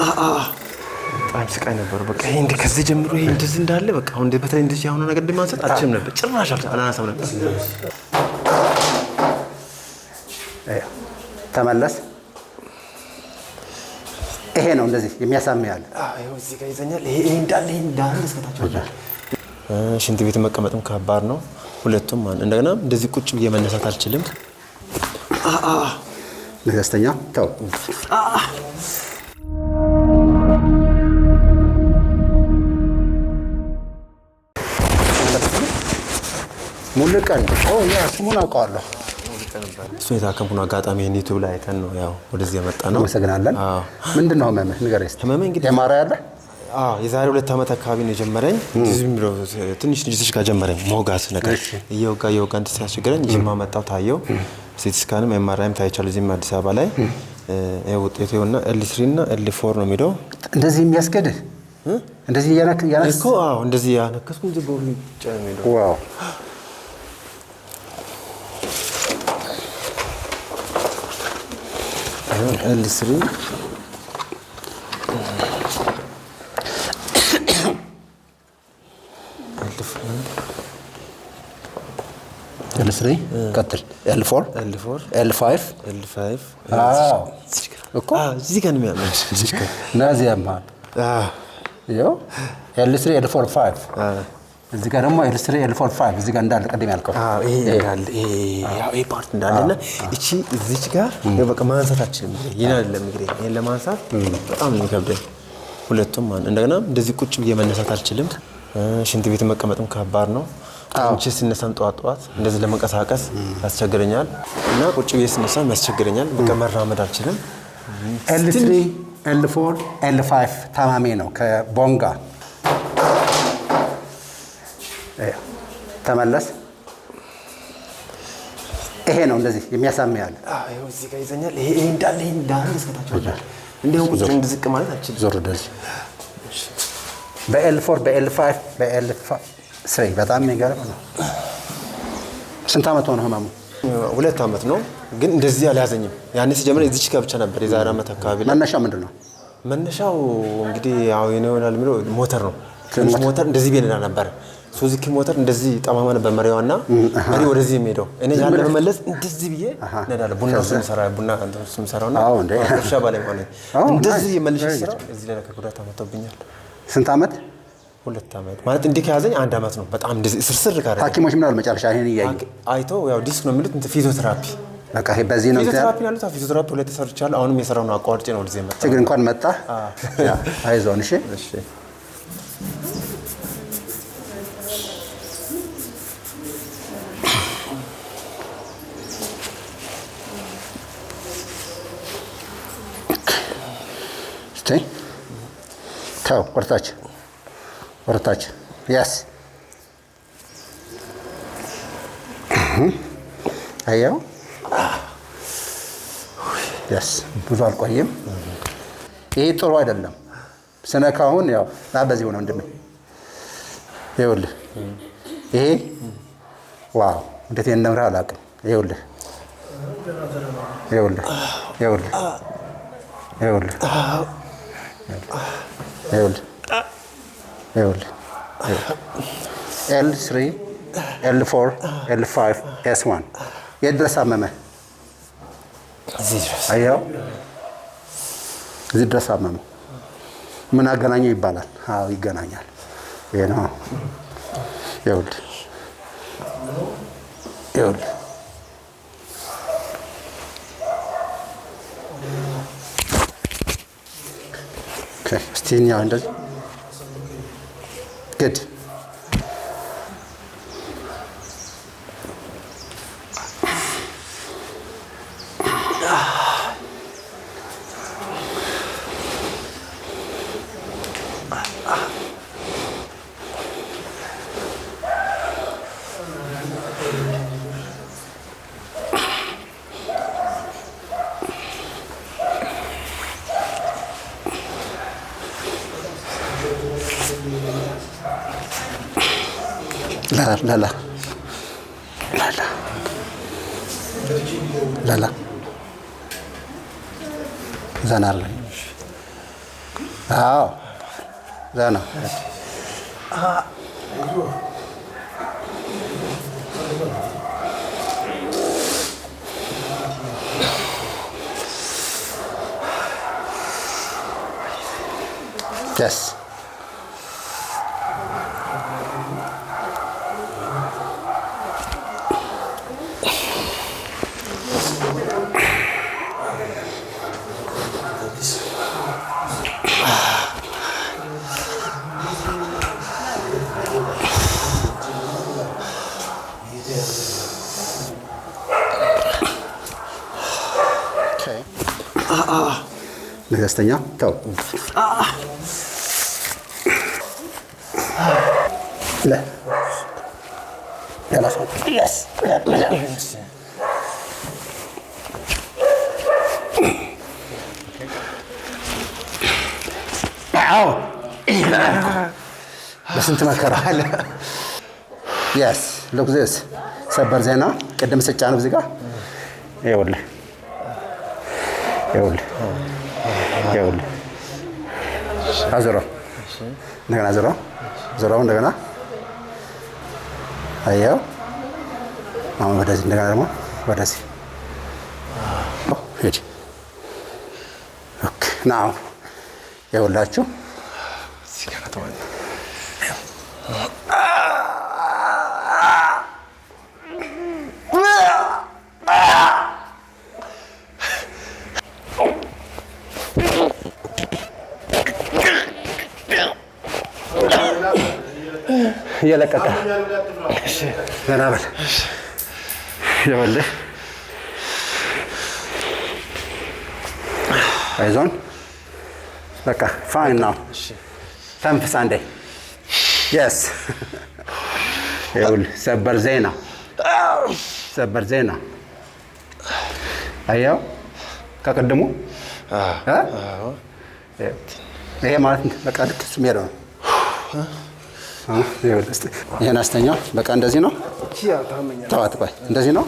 በጣም ስቃይ ነበር። በቃ ይሄ እንደ ከዚህ ጀምሮ ይሄ እንደዚህ እንዳለ በቃ አሁን በተለይ እንደዚህ ያሁኑ ነገር እንደማንሰጥ አልችልም ነበር፣ ጭራሽ አላነሳም ነበር። ተመለስ። ይሄ ነው እንደዚህ የሚያሳም ያለ እዚህ ጋር ይዘኛል። ይሄ እንዳለ ይሄ እንዳለ እስከታች ሽንት ቤት መቀመጥም ከባድ ነው። ሁለቱም እንደገና እንደዚህ ቁጭ ብዬ መነሳት አልችልም። ነገስተኛ ተው ሙልቀን ስሙን አውቀዋለሁ። እሱ የታከምኩን አጋጣሚ ዩቱብ ላይ አይተን ነው ያው ወደዚህ የመጣ ነው። አመሰግናለን። ምንድን ነው ህመምህ? ንገረኝ እስኪ። ህመምህ እንግዲህ የማራ ያለ የዛሬ ሁለት ዓመት አካባቢ ነው የጀመረኝ። ትንሽ ልጅቶች ጋር ጀመረኝ መውጋት ነገር እየወጋ እየወጋ እንትን ሲያስቸግረኝ ጅማ መጣሁ ታየው። ሲቲ ስካንም ኤም ታይቻለሁ እዚህም አዲስ አበባ ላይ ውጤቱ ሆና ኤል ስሪ እና ኤል ፎር ነው የሚለው እንደዚህ የሚያስገድህ እንደዚህ እያነክስኩ نحل السرير ال 3 كتر L4 ال 4 ال 5 ال 5 اه اكو اه زي كان نازي يا مان اه يو L3 ال 4 5 اه እዚህ ጋር ደግሞ ኤል3 ኤል4 እዚህ ጋር እንዳለ ቀደም ያልከው አዎ፣ እንዳለ ፓርት እንዳለና እቺ እዚች ጋር በቃ ማንሳታችን ይሄን አይደለም እግሬ ይህን ለማንሳት በጣም ነው የሚከብደኝ። ሁለቱም እንደገና እንደዚህ ቁጭ ብዬ መነሳት አልችልም። ሽንት ቤት መቀመጥም ከባድ ነው። ቁጭ ስነሳም ጠዋት ጠዋት እንደዚህ ለመንቀሳቀስ ያስቸግረኛል፣ እና ቁጭ ብዬ ስነሳም ያስቸግረኛል። በቃ መራመድ አልችልም። ኤል ኤል4 ኤል5 ታማሜ ነው ከቦንጋ ተመለስ። ይሄ ነው እንደዚህ የሚያሳምህ ያለ እዚህ ጋር ይዘኛል። ይሄ እንዳለ ይሄ እንዳለ እስከታች ወዳል። ቁጭ እንድዝቅ ማለት አልችልም። ዞር ወደዚህ በኤል ፎር በኤል ፋይቭ በኤል ስሪ በጣም የሚገርም ነው። ስንት አመት ሆነ ህመሙ? ሁለት አመት ነው ግን እንደዚህ አልያዘኝም። ያኔ ሲጀምር እዚች ጋር ብቻ ነበር። የዛሬ አመት አካባቢ መነሻው ምንድን ነው? መነሻው እንግዲህ ያው ይሆናል ሞተር ነው ሞተር እንደዚህ ቤንና ነበር ሱዚኪ ሞተር እንደዚህ ጠማማ ነበር መሪዋ መሪ ወደዚህ የሚሄደው እኔ ያን ለመመለስ እንደዚህ ብዬ ነዳለ ቡና ሰራ ቡና ስምሰራው ና እርሻ ባለሙያ ነኝ። እንደዚህ የመልሽ ስራ እዚህ ላይ ጉዳት አመጣብኛል። ስንት አመት? ሁለት አመት ማለት እንዲህ ከያዘኝ አንድ አመት ነው። በጣም እንደዚህ ስርስር ጋር ሐኪሞች ምን አሉ መጨረሻ ይሄን እያዩ አይቶ ያው ዲስክ ነው የሚሉት ፊዚዮቴራፒ በቃ ይሄ በዚህ ነው። ፊዚዮቴራፒ ያሉት ፊዚዮቴራፒ ሁለት ሰርቻለሁ። አሁንም የሰራው ነው አቋርጬ ነው ወደዚህ መጣ። ችግር እንኳን መጣ አይዞን እሺ እሺ ተይ ተው፣ ወርታች ወርታች፣ ያስ አያው ያስ ብዙ አልቆይም። ይሄ ጥሩ አይደለም። ስነካሁን ያው ና በዚህ ሆነ ወንድሜ፣ ይኸውልህ ይሄ ዋው፣ እንዴት እንደምራ አላውቅም። ይኸውልህ ይኸውልህ ይኸውልህ ይኸውልህ ኤል ስሪ ኤል ፎር ኤል ፋይቭ ኤስ ዋን የት ድረስ አመመ? አየኸው? እዚህ ድረስ አመመ። ምን አገናኘው ይባላል? አዎ ይገናኛል። ይሄ ነው። ይኸውልህ ይኸውልህ ኦኬ። እስቲ እንደዚህ ግድ ላላ ለላ ዘና አለ። ደስተኛ ተው። በስንት መከራ የስ ሉክስ ሰበር ዜና ቅድም ስጫ ነው እዚህ ጋ ይኸውልህ ይኸውልህ ያውል አዘሮ እንደገና ዘሮ ዘሮ እንደገና አያው አሁን ወደዚህ እንደገና ደግሞ ወደዚህ ሄድ ኦኬ ናው ያውላችሁ ሲጋራ ተዋል እየለቀቀ ዘና በል ይኸውልህ፣ አይዞን በቃ ፋይን ነው። ተንፍስ አንዴ። የስ ይኸውልህ፣ ሰበር ዜና ሰበር ዜና አያው ከቅድሙ ይሄ ማለት በቃ ልክ እሱ ሄደው ነው ይሄን አስተኛው። በቃ እንደዚህ ነው። ተዋት እንደዚህ ነው።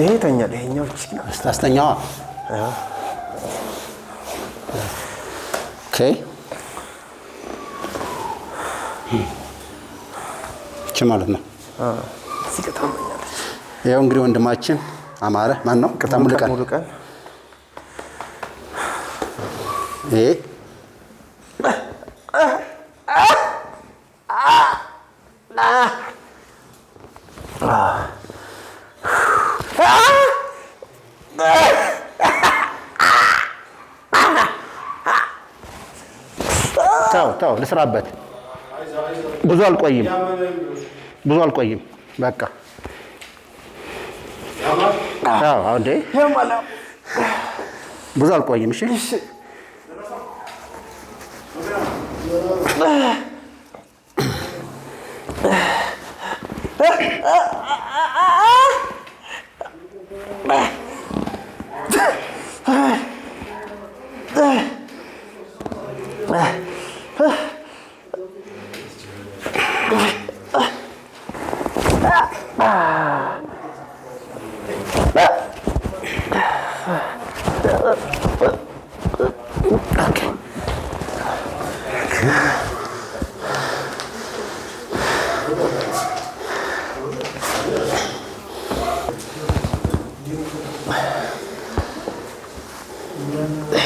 ይሄ ተኛል። ይሄኛው አስተኛዋ። ኦኬ ማለት ነው። ይኸው እንግዲህ ወንድማችን አማረ ማን ነው? ቅርታ ሙሉቀን ይሄ ተው ተው፣ ልስራበት። ብዙ አልቆይም፣ ብዙ አልቆይም። በቃ ብዙ አልቆይም። እሺ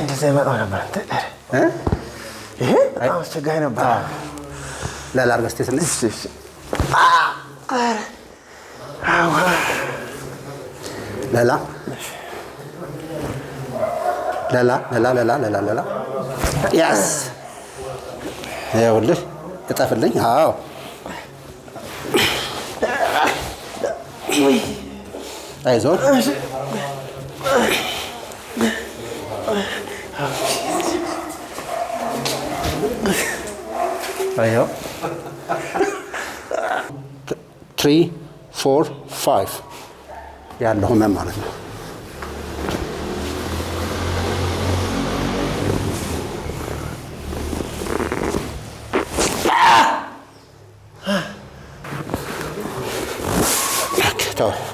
እንደዚያ ይመጣው ነበር። ይሄ በጣም አስቸጋሪ ነበር። ላላርገህ እስኪ ስንት ለላ ለላ ለላ ለላ ለላ ያስ ይኸውልህ፣ እጠፍልኝ። አዎ That is odd. There you Three, four, five. Yeah, no memory. Okay, tamam.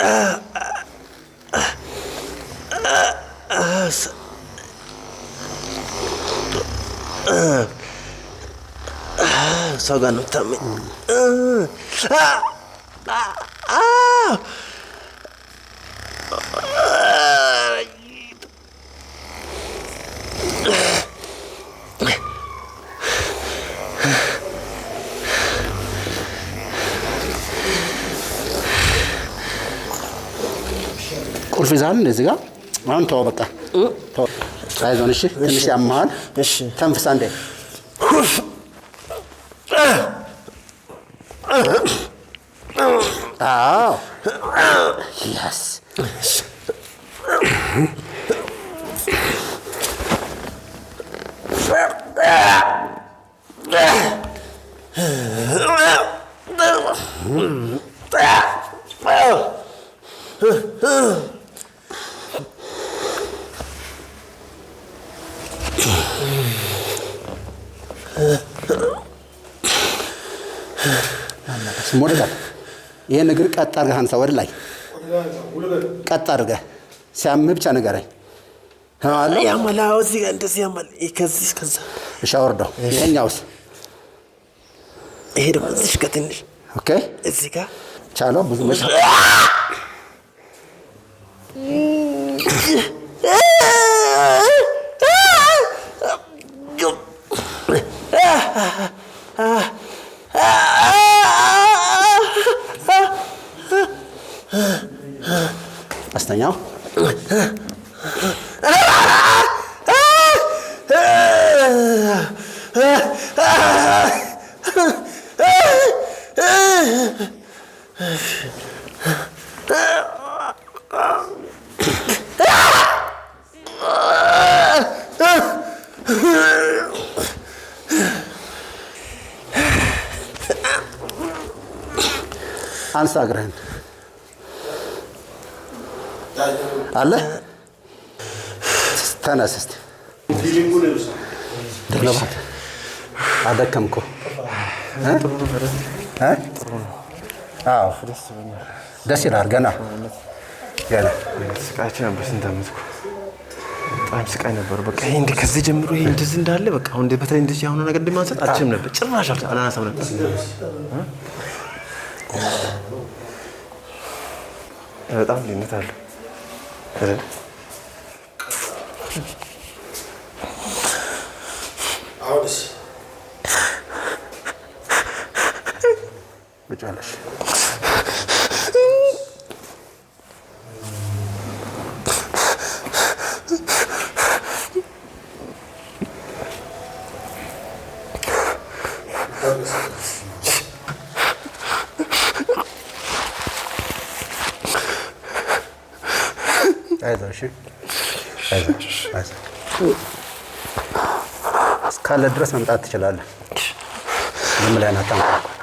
Ah, ah, ah, ah, ah, ah, só ganhou também. Ah, ah. ቁልፍ ይዛል እንደዚህ ጋር አሁን ተው፣ በቃ አይዞን። እሺ ትንሽ ያመሃል። ተንፍሳ እንደ አዎ፣ ያስ ሙርገብ ይሄን እግር ቀጥ አድርገህ አንሳ፣ ወደ ላይ ቀጥ አድርገህ ሲያምህ ብቻ ንገረኝ። እሺ፣ ይሄኛውስ ኦኬ፣ እዚህ ጋር ብዙ Ah! ¿Has Instagram. አለ። ተነስ እስኪ አደከምኩ። ደስ ይላል። ገና ገና ነበር። ስንት በጣም ስቃይ ነበር። በቃ ይሄ እንደ ከዚህ ጀምሮ ይሄ እንደዚህ እንዳለ በቃ አሁን በተለይ እንደዚህ ነገር እንደማንሳት አልችልም ነበር፣ ጭራሽ አላነሳም ነበር። በጣም ልዩነት አለው። Evet. Ağırız. Güzel Thank you. እስካለ ድረስ መምጣት ትችላለህ። ዝም ብለን አታንኳኳ።